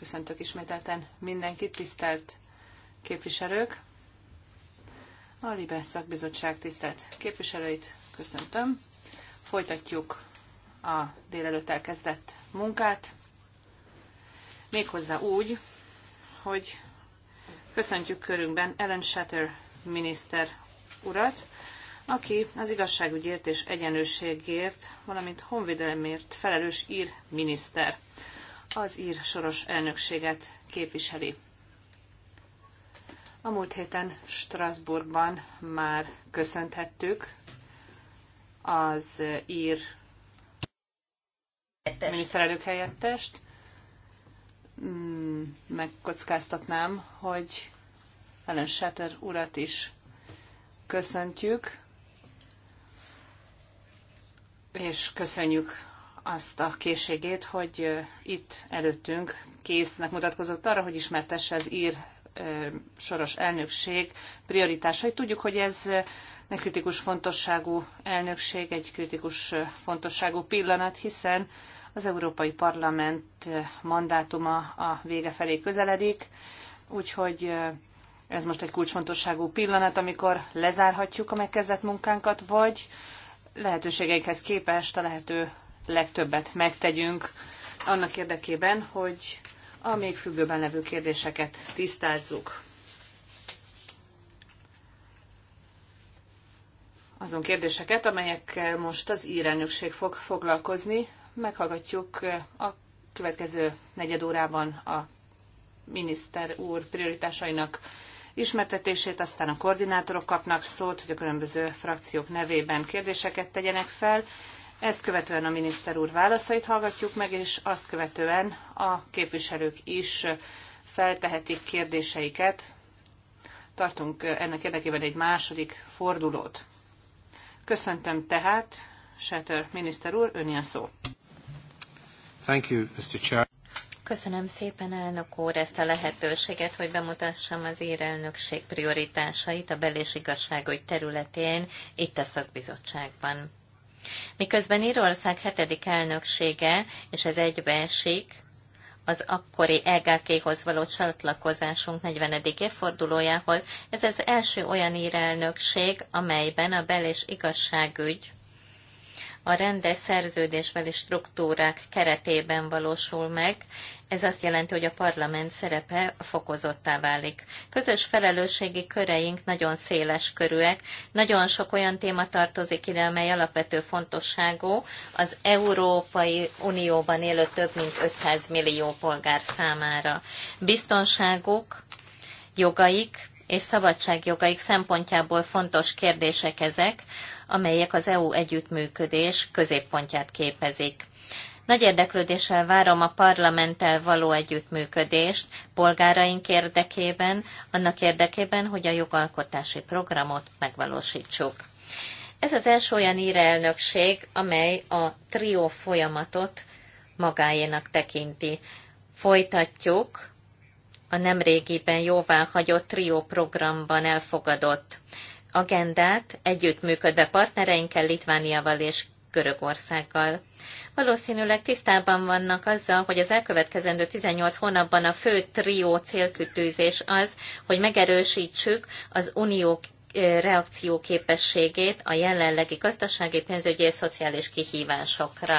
Köszöntök ismételten mindenkit, tisztelt képviselők. A Libe Szakbizottság tisztelt képviselőit köszöntöm. Folytatjuk a délelőtt elkezdett munkát, méghozzá úgy, hogy köszöntjük körünkben Ellen Shatter miniszter urat, aki az igazságügyért és egyenlőségért, valamint honvédelemért felelős ír miniszter az ír soros elnökséget képviseli. A múlt héten Strasbourgban már köszönthettük az ír helyettest. miniszterelnök helyettest. Mm, megkockáztatnám, hogy Ellen Shatter urat is köszöntjük, és köszönjük azt a készségét, hogy itt előttünk késznek mutatkozott arra, hogy ismertesse az ír soros elnökség prioritásait. Tudjuk, hogy ez egy kritikus fontosságú elnökség, egy kritikus fontosságú pillanat, hiszen az Európai Parlament mandátuma a vége felé közeledik, úgyhogy ez most egy kulcsfontosságú pillanat, amikor lezárhatjuk a megkezdett munkánkat, vagy lehetőségeinkhez képest a lehető legtöbbet megtegyünk annak érdekében, hogy a még függőben levő kérdéseket tisztázzuk. Azon kérdéseket, amelyekkel most az írelnökség fog foglalkozni, meghallgatjuk a következő negyed órában a miniszter úr prioritásainak ismertetését, aztán a koordinátorok kapnak szót, hogy a különböző frakciók nevében kérdéseket tegyenek fel, ezt követően a miniszter úr válaszait hallgatjuk meg, és azt követően a képviselők is feltehetik kérdéseiket. Tartunk ennek érdekében egy második fordulót. Köszöntöm tehát, Setter miniszter úr, ön ilyen szó. Thank you, Mr. Chair. Köszönöm szépen, elnök úr, ezt a lehetőséget, hogy bemutassam az ír elnökség prioritásait a belés és igazságügy területén, itt a szakbizottságban. Miközben Írország hetedik elnöksége, és ez egybeesik, az akkori EGK-hoz való csatlakozásunk 40. évfordulójához. Ez az első olyan írelnökség, amelyben a bel- és igazságügy a rendes szerződésbeli struktúrák keretében valósul meg. Ez azt jelenti, hogy a parlament szerepe fokozottá válik. Közös felelősségi köreink nagyon széles körűek, nagyon sok olyan téma tartozik ide, amely alapvető fontosságú az Európai Unióban élő több mint 500 millió polgár számára. Biztonságuk, jogaik és szabadságjogaik szempontjából fontos kérdések ezek, amelyek az EU együttműködés középpontját képezik. Nagy érdeklődéssel várom a parlamenttel való együttműködést polgáraink érdekében, annak érdekében, hogy a jogalkotási programot megvalósítsuk. Ez az első olyan írelnökség, amely a trió folyamatot magáénak tekinti. Folytatjuk a nemrégiben jóvá hagyott trió programban elfogadott agendát együttműködve partnereinkkel, Litvániával és Görögországgal. Valószínűleg tisztában vannak azzal, hogy az elkövetkezendő 18 hónapban a fő trió célkütőzés az, hogy megerősítsük az unió eh, reakcióképességét képességét a jelenlegi gazdasági, pénzügyi és szociális kihívásokra.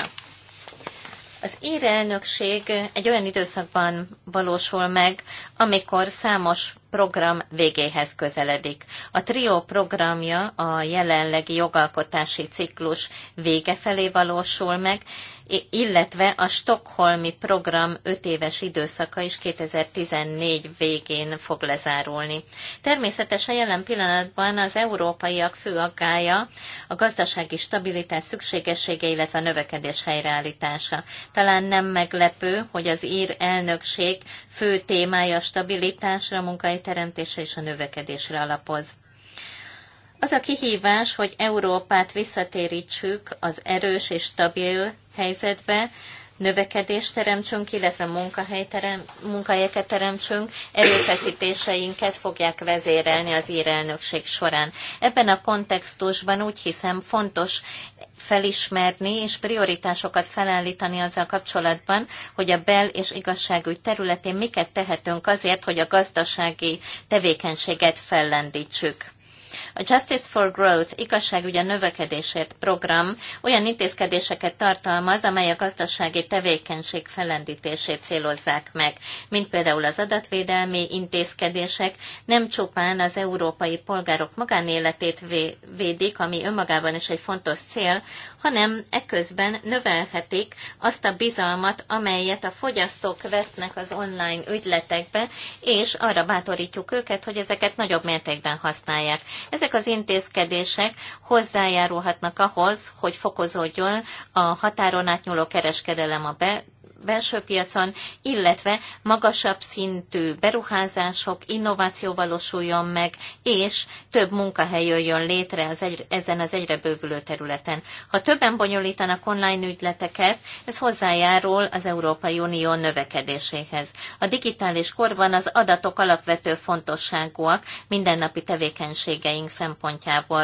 Az ír elnökség egy olyan időszakban valósul meg, amikor számos program végéhez közeledik. A trió programja a jelenlegi jogalkotási ciklus vége felé valósul meg, illetve a Stockholmi program 5 éves időszaka is 2014 végén fog lezárulni. Természetesen jelen pillanatban az európaiak fő aggája a gazdasági stabilitás szükségessége, illetve a növekedés helyreállítása. Talán nem meglepő, hogy az ír elnökség fő témája a stabilitásra, a munkai munkahelyteremtésre és a növekedésre alapoz. Az a kihívás, hogy Európát visszatérítsük az erős és stabil helyzetbe, növekedést teremtsünk, illetve terem, munkahelyeket teremtsünk, erőfeszítéseinket fogják vezérelni az írelnökség során. Ebben a kontextusban úgy hiszem fontos felismerni és prioritásokat felállítani azzal kapcsolatban, hogy a bel- és igazságügy területén miket tehetünk azért, hogy a gazdasági tevékenységet fellendítsük. A Justice for Growth igazságügy a növekedésért program olyan intézkedéseket tartalmaz, amely a gazdasági tevékenység felendítését célozzák meg, mint például az adatvédelmi intézkedések nem csupán az európai polgárok magánéletét védik, ami önmagában is egy fontos cél, hanem eközben növelhetik azt a bizalmat, amelyet a fogyasztók vetnek az online ügyletekbe, és arra bátorítjuk őket, hogy ezeket nagyobb mértékben használják. Ez ezek az intézkedések hozzájárulhatnak ahhoz, hogy fokozódjon a határon átnyúló kereskedelem a be belső piacon, illetve magasabb szintű beruházások, innováció valósuljon meg, és több munkahely jöjjön létre az egy, ezen az egyre bővülő területen. Ha többen bonyolítanak online ügyleteket, ez hozzájárul az Európai Unió növekedéséhez. A digitális korban az adatok alapvető fontosságúak mindennapi tevékenységeink szempontjából.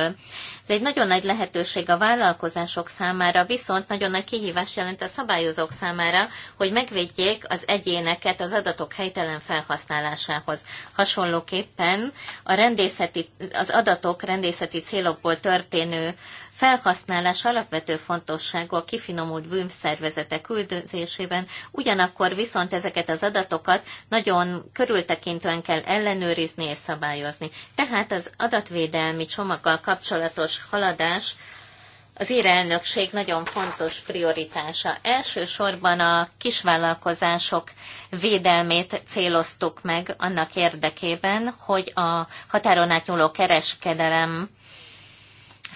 Ez egy nagyon nagy lehetőség a vállalkozások számára, viszont nagyon nagy kihívás jelent a szabályozók számára, hogy megvédjék az egyéneket az adatok helytelen felhasználásához. Hasonlóképpen a rendészeti, az adatok rendészeti célokból történő felhasználás alapvető fontosságú a kifinomult bűnszervezetek küldözésében ugyanakkor viszont ezeket az adatokat nagyon körültekintően kell ellenőrizni és szabályozni. Tehát az adatvédelmi csomaggal kapcsolatos haladás az elnökség nagyon fontos prioritása. Elsősorban a kisvállalkozások védelmét céloztuk meg annak érdekében, hogy a határon átnyúló kereskedelem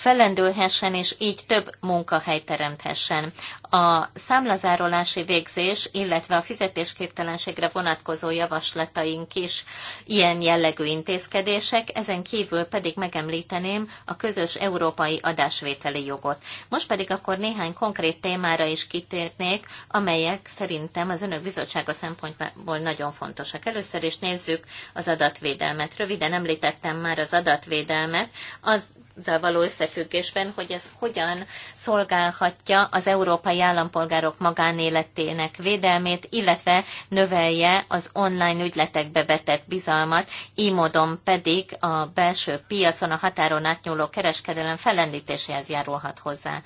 fellendülhessen, és így több munkahely teremthessen. A számlazárolási végzés, illetve a fizetésképtelenségre vonatkozó javaslataink is ilyen jellegű intézkedések, ezen kívül pedig megemlíteném a közös európai adásvételi jogot. Most pedig akkor néhány konkrét témára is kitérnék, amelyek szerintem az önök bizottsága szempontból nagyon fontosak. Először is nézzük az adatvédelmet. Röviden említettem már az adatvédelmet. Az való összefüggésben, hogy ez hogyan szolgálhatja az európai állampolgárok magánéletének védelmét, illetve növelje az online ügyletekbe vetett bizalmat, így módon pedig a belső piacon a határon átnyúló kereskedelem fellendítéséhez járulhat hozzá.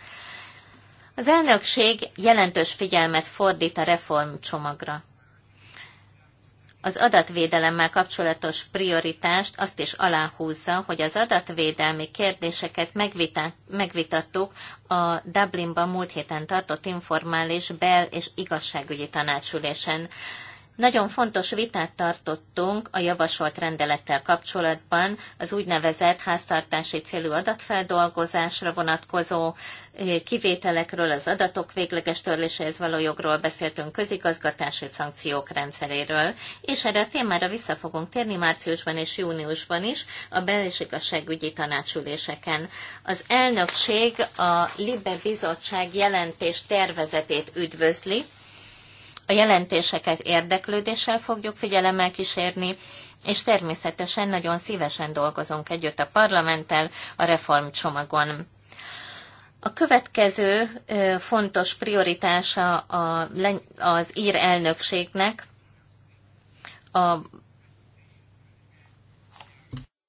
Az elnökség jelentős figyelmet fordít a reformcsomagra az adatvédelemmel kapcsolatos prioritást azt is aláhúzza, hogy az adatvédelmi kérdéseket megvitattuk a Dublinban múlt héten tartott informális bel- és igazságügyi tanácsülésen. Nagyon fontos vitát tartottunk a javasolt rendelettel kapcsolatban az úgynevezett háztartási célú adatfeldolgozásra vonatkozó eh, kivételekről, az adatok végleges törléséhez való jogról beszéltünk, közigazgatási szankciók rendszeréről, és erre a témára vissza fogunk térni márciusban és júniusban is a belésigazságügyi tanácsüléseken. Az elnökség a Libe Bizottság jelentés tervezetét üdvözli, a jelentéseket érdeklődéssel fogjuk figyelemmel kísérni, és természetesen nagyon szívesen dolgozunk együtt a parlamenttel a reformcsomagon. A következő fontos prioritása az ír elnökségnek a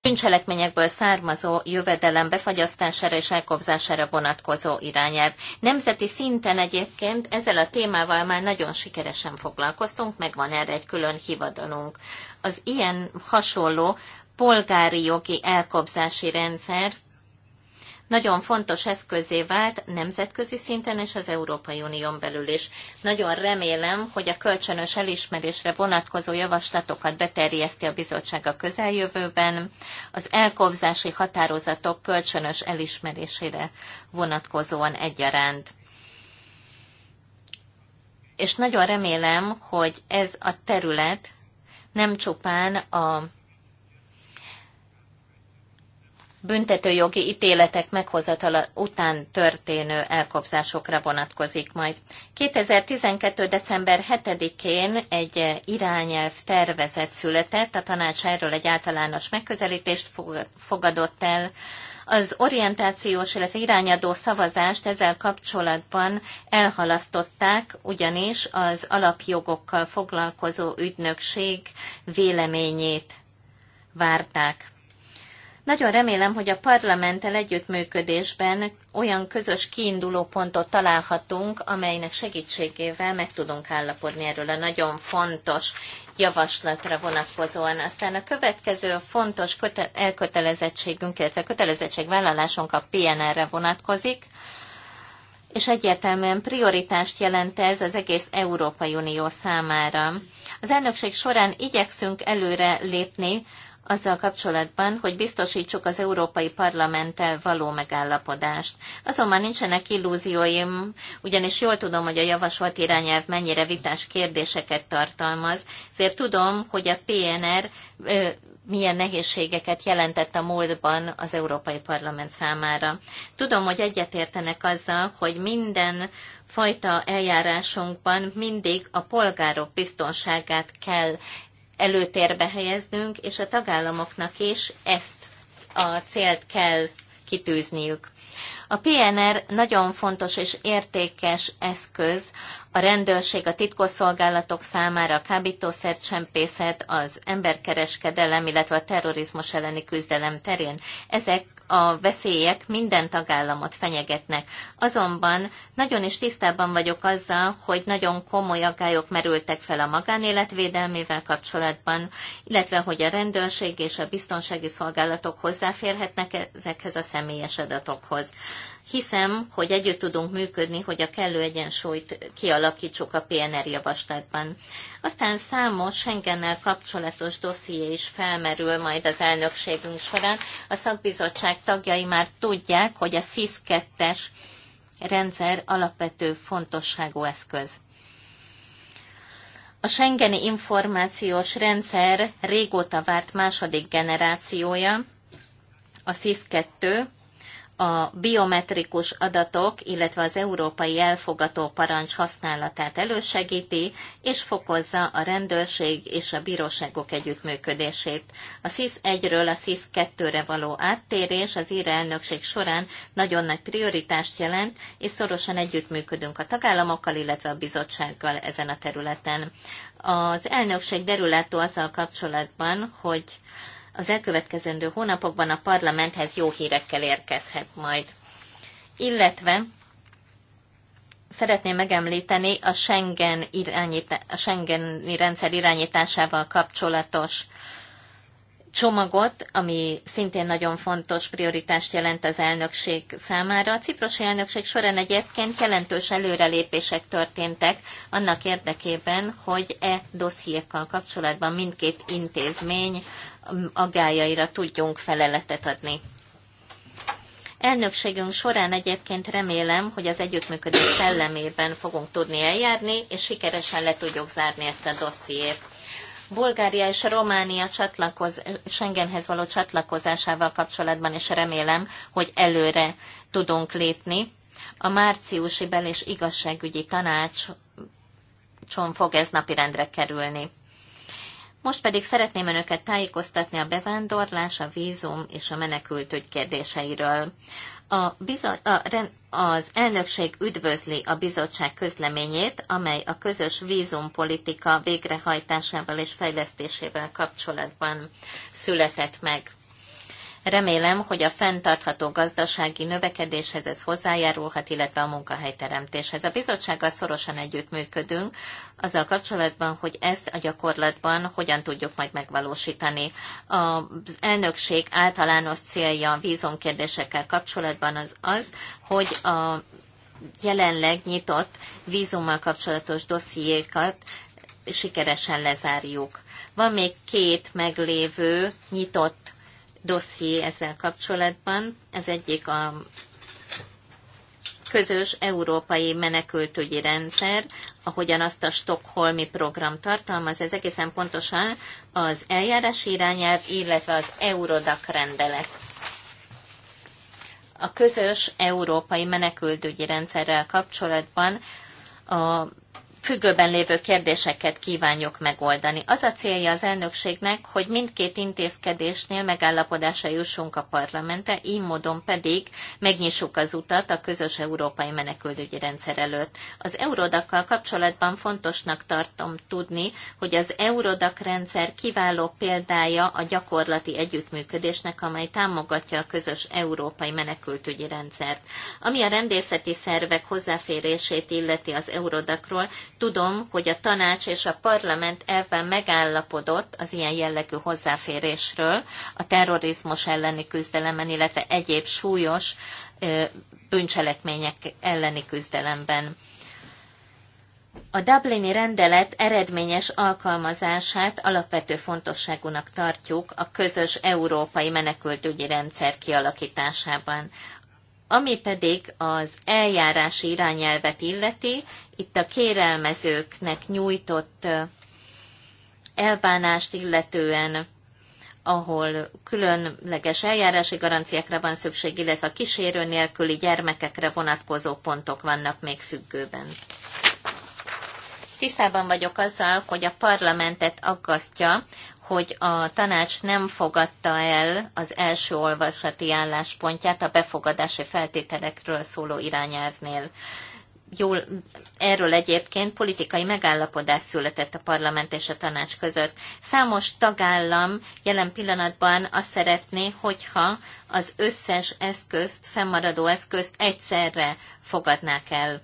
bűncselekményekből származó jövedelem befagyasztására és elkobzására vonatkozó irányelv. Nemzeti szinten egyébként ezzel a témával már nagyon sikeresen foglalkoztunk, meg van erre egy külön hivatalunk. Az ilyen hasonló polgári jogi elkobzási rendszer nagyon fontos eszközé vált nemzetközi szinten és az Európai Unión belül is. Nagyon remélem, hogy a kölcsönös elismerésre vonatkozó javaslatokat beterjeszti a bizottság a közeljövőben, az elkobzási határozatok kölcsönös elismerésére vonatkozóan egyaránt és nagyon remélem, hogy ez a terület nem csupán a büntetőjogi ítéletek meghozatala után történő elkobzásokra vonatkozik majd. 2012. december 7-én egy irányelv tervezet született, a tanács erről egy általános megközelítést fogadott el, az orientációs, illetve irányadó szavazást ezzel kapcsolatban elhalasztották, ugyanis az alapjogokkal foglalkozó ügynökség véleményét várták. Nagyon remélem, hogy a parlamenttel együttműködésben olyan közös kiinduló pontot találhatunk, amelynek segítségével meg tudunk állapodni erről a nagyon fontos javaslatra vonatkozóan. Aztán a következő fontos elkötelezettségünk, illetve kötelezettségvállalásunk a PNR-re vonatkozik, és egyértelműen prioritást jelent ez az egész Európai Unió számára. Az elnökség során igyekszünk előre lépni, azzal kapcsolatban, hogy biztosítsuk az Európai Parlamenttel való megállapodást. Azonban nincsenek illúzióim, ugyanis jól tudom, hogy a javasolt irányelv mennyire vitás kérdéseket tartalmaz, ezért tudom, hogy a PNR ö, milyen nehézségeket jelentett a múltban az Európai Parlament számára. Tudom, hogy egyetértenek azzal, hogy minden fajta eljárásunkban mindig a polgárok biztonságát kell előtérbe helyeznünk, és a tagállamoknak is ezt a célt kell kitűzniük. A PNR nagyon fontos és értékes eszköz a rendőrség, a titkosszolgálatok számára, a kábítószercsempészet, az emberkereskedelem, illetve a terrorizmus elleni küzdelem terén. Ezek a veszélyek minden tagállamot fenyegetnek. Azonban nagyon is tisztában vagyok azzal, hogy nagyon komoly aggályok merültek fel a magánéletvédelmével kapcsolatban, illetve hogy a rendőrség és a biztonsági szolgálatok hozzáférhetnek ezekhez a személyes adatokhoz. Hiszem, hogy együtt tudunk működni, hogy a kellő egyensúlyt kialakítsuk a PNR javaslatban. Aztán számos Schengennel kapcsolatos dosszié is felmerül majd az elnökségünk során. A szakbizottság tagjai már tudják, hogy a SIS-2-es rendszer alapvető fontosságú eszköz. A Schengeni információs rendszer régóta várt második generációja, a SIS-2, a biometrikus adatok, illetve az európai elfogató parancs használatát elősegíti, és fokozza a rendőrség és a bíróságok együttműködését. A SIS 1-ről a SIS 2-re való áttérés az ír elnökség során nagyon nagy prioritást jelent, és szorosan együttműködünk a tagállamokkal, illetve a bizottsággal ezen a területen. Az elnökség derülátó azzal kapcsolatban, hogy az elkövetkezendő hónapokban a parlamenthez jó hírekkel érkezhet majd. Illetve szeretném megemlíteni a, Schengen irányítá- a Schengeni rendszer irányításával kapcsolatos csomagot, ami szintén nagyon fontos prioritást jelent az elnökség számára. A ciprosi elnökség során egyébként jelentős előrelépések történtek annak érdekében, hogy e dossziékkal kapcsolatban mindkét intézmény agájaira tudjunk feleletet adni. Elnökségünk során egyébként remélem, hogy az együttműködés szellemében fogunk tudni eljárni, és sikeresen le tudjuk zárni ezt a dossziét. Bulgária és Románia csatlakoz, Schengenhez való csatlakozásával kapcsolatban is remélem, hogy előre tudunk lépni. A márciusi bel- és igazságügyi tanácson fog ez napirendre kerülni. Most pedig szeretném önöket tájékoztatni a bevándorlás, a vízum és a menekültügy kérdéseiről. A a, az elnökség üdvözli a bizottság közleményét, amely a közös vízumpolitika végrehajtásával és fejlesztésével kapcsolatban született meg. Remélem, hogy a fenntartható gazdasági növekedéshez ez hozzájárulhat, illetve a munkahelyteremtéshez. A bizottsággal szorosan együttműködünk azzal kapcsolatban, hogy ezt a gyakorlatban hogyan tudjuk majd megvalósítani. Az elnökség általános célja a vízumkérdésekkel kapcsolatban az az, hogy a jelenleg nyitott vízummal kapcsolatos dossziékat sikeresen lezárjuk. Van még két meglévő nyitott dosszié ezzel kapcsolatban. Ez egyik a közös európai menekültügyi rendszer, ahogyan azt a Stockholmi program tartalmaz, ez egészen pontosan az eljárás irányelv, illetve az Eurodac rendelet. A közös európai menekültügyi rendszerrel kapcsolatban a függőben lévő kérdéseket kívánjuk megoldani. Az a célja az elnökségnek, hogy mindkét intézkedésnél megállapodásra jussunk a parlamente, így módon pedig megnyissuk az utat a közös európai menekültügyi rendszer előtt. Az eurodakkal kapcsolatban fontosnak tartom tudni, hogy az eurodak rendszer kiváló példája a gyakorlati együttműködésnek, amely támogatja a közös európai menekültügyi rendszert. Ami a rendészeti szervek hozzáférését illeti az eurodakról, Tudom, hogy a tanács és a parlament ebben megállapodott az ilyen jellegű hozzáférésről a terrorizmus elleni küzdelemen, illetve egyéb súlyos bűncselekmények elleni küzdelemben. A Dublini rendelet eredményes alkalmazását alapvető fontosságúnak tartjuk a közös európai menekültügyi rendszer kialakításában. Ami pedig az eljárási irányelvet illeti, itt a kérelmezőknek nyújtott elbánást illetően, ahol különleges eljárási garanciákra van szükség, illetve a kísérő nélküli gyermekekre vonatkozó pontok vannak még függőben. Tisztában vagyok azzal, hogy a parlamentet aggasztja, hogy a tanács nem fogadta el az első olvasati álláspontját a befogadási feltételekről szóló irányelvnél. Jól, erről egyébként politikai megállapodás született a parlament és a tanács között. Számos tagállam jelen pillanatban azt szeretné, hogyha az összes eszközt, fennmaradó eszközt egyszerre fogadnák el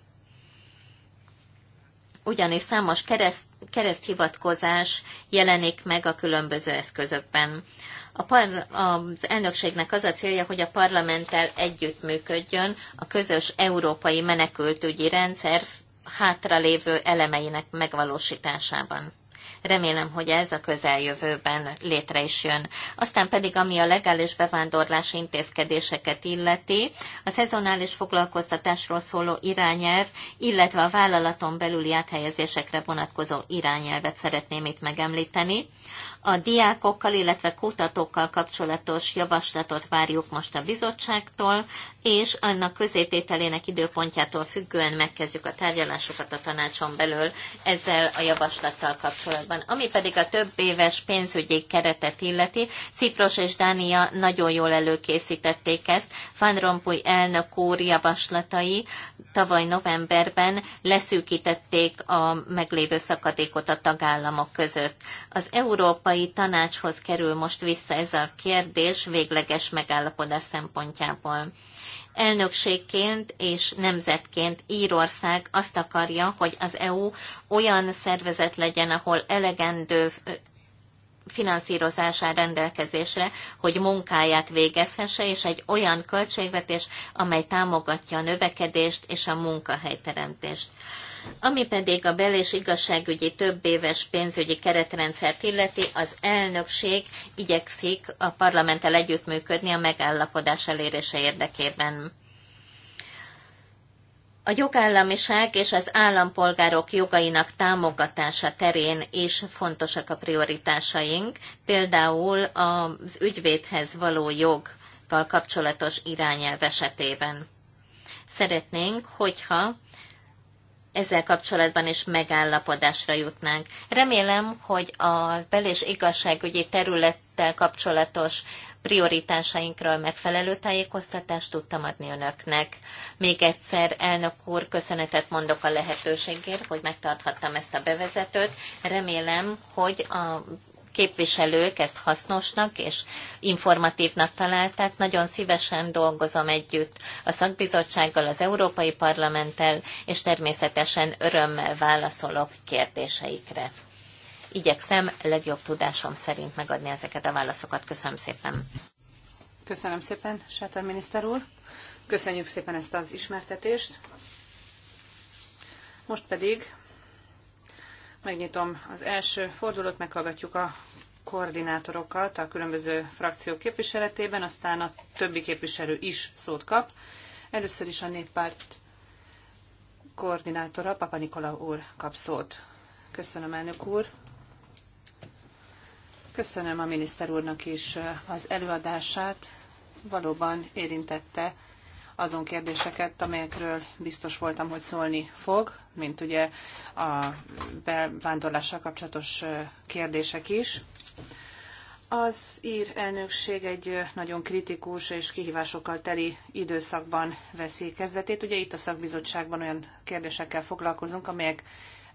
ugyanis számos kereszt, kereszthivatkozás jelenik meg a különböző eszközökben. A par, az elnökségnek az a célja, hogy a parlamenttel együttműködjön a közös európai menekültügyi rendszer hátralévő elemeinek megvalósításában. Remélem, hogy ez a közeljövőben létre is jön. Aztán pedig, ami a legális bevándorlási intézkedéseket illeti, a szezonális foglalkoztatásról szóló irányelv, illetve a vállalaton belüli áthelyezésekre vonatkozó irányelvet szeretném itt megemlíteni. A diákokkal, illetve kutatókkal kapcsolatos javaslatot várjuk most a bizottságtól, és annak közétételének időpontjától függően megkezdjük a tárgyalásokat a tanácson belül ezzel a javaslattal kapcsolatban. Ami pedig a több éves pénzügyi keretet illeti, Cipros és Dánia nagyon jól előkészítették ezt. Van Rompuy elnök úr javaslatai tavaly novemberben leszűkítették a meglévő szakadékot a tagállamok között. Az Európa Európai Tanácshoz kerül most vissza ez a kérdés végleges megállapodás szempontjából. Elnökségként és nemzetként Írország azt akarja, hogy az EU olyan szervezet legyen, ahol elegendő finanszírozás rendelkezésre, hogy munkáját végezhesse, és egy olyan költségvetés, amely támogatja a növekedést és a munkahelyteremtést. Ami pedig a bel- és igazságügyi többéves pénzügyi keretrendszert illeti, az elnökség igyekszik a parlamenttel együttműködni a megállapodás elérése érdekében. A jogállamiság és az állampolgárok jogainak támogatása terén is fontosak a prioritásaink, például az ügyvédhez való joggal kapcsolatos irányelv esetében. Szeretnénk, hogyha ezzel kapcsolatban is megállapodásra jutnánk. Remélem, hogy a bel- és igazságügyi területtel kapcsolatos prioritásainkról megfelelő tájékoztatást tudtam adni önöknek. Még egyszer, elnök úr, köszönetet mondok a lehetőségért, hogy megtarthattam ezt a bevezetőt. Remélem, hogy a képviselők ezt hasznosnak és informatívnak találták. Nagyon szívesen dolgozom együtt a szakbizottsággal, az Európai Parlamenttel, és természetesen örömmel válaszolok kérdéseikre. Igyekszem legjobb tudásom szerint megadni ezeket a válaszokat. Köszönöm szépen. Köszönöm szépen, Sátor miniszter úr. Köszönjük szépen ezt az ismertetést. Most pedig Megnyitom az első fordulót, meghallgatjuk a koordinátorokat a különböző frakciók képviseletében, aztán a többi képviselő is szót kap. Először is a néppárt koordinátora, Papa Nikola úr kap szót. Köszönöm, elnök úr. Köszönöm a miniszter úrnak is az előadását. Valóban érintette azon kérdéseket, amelyekről biztos voltam, hogy szólni fog mint ugye a bevándorlással kapcsolatos kérdések is. Az ír elnökség egy nagyon kritikus és kihívásokkal teli időszakban veszi kezdetét. Ugye itt a szakbizottságban olyan kérdésekkel foglalkozunk, amelyek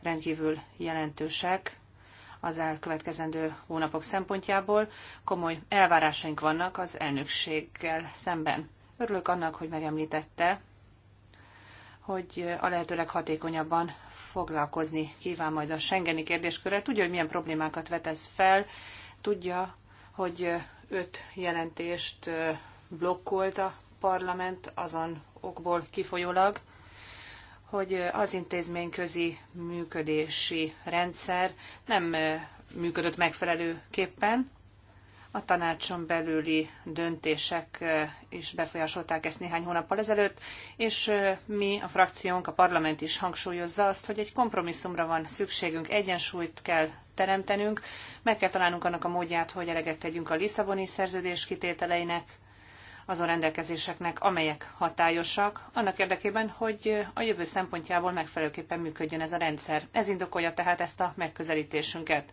rendkívül jelentősek az elkövetkezendő hónapok szempontjából. Komoly elvárásaink vannak az elnökséggel szemben. Örülök annak, hogy megemlítette hogy a lehetőleg hatékonyabban foglalkozni kíván majd a Schengeni kérdéskörrel. Tudja, hogy milyen problémákat vetesz fel, tudja, hogy öt jelentést blokkolt a parlament azon okból kifolyólag, hogy az intézményközi működési rendszer nem működött megfelelőképpen, a tanácson belüli döntések is befolyásolták ezt néhány hónappal ezelőtt, és mi, a frakciónk, a parlament is hangsúlyozza azt, hogy egy kompromisszumra van szükségünk, egyensúlyt kell teremtenünk, meg kell találnunk annak a módját, hogy eleget tegyünk a Lisszaboni szerződés kitételeinek, azon rendelkezéseknek, amelyek hatályosak, annak érdekében, hogy a jövő szempontjából megfelelőképpen működjön ez a rendszer. Ez indokolja tehát ezt a megközelítésünket.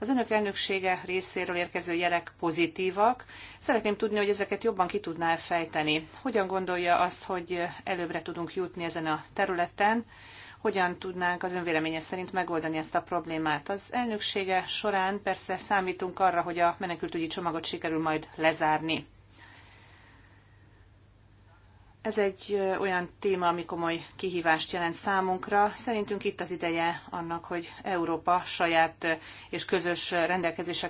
Az önök elnöksége részéről érkező jelek pozitívak. Szeretném tudni, hogy ezeket jobban ki tudná -e fejteni. Hogyan gondolja azt, hogy előbbre tudunk jutni ezen a területen? hogyan tudnánk az önvéleménye szerint megoldani ezt a problémát. Az elnöksége során persze számítunk arra, hogy a menekültügyi csomagot sikerül majd lezárni. Ez egy olyan téma, ami komoly kihívást jelent számunkra. Szerintünk itt az ideje annak, hogy Európa saját és közös rendelkezések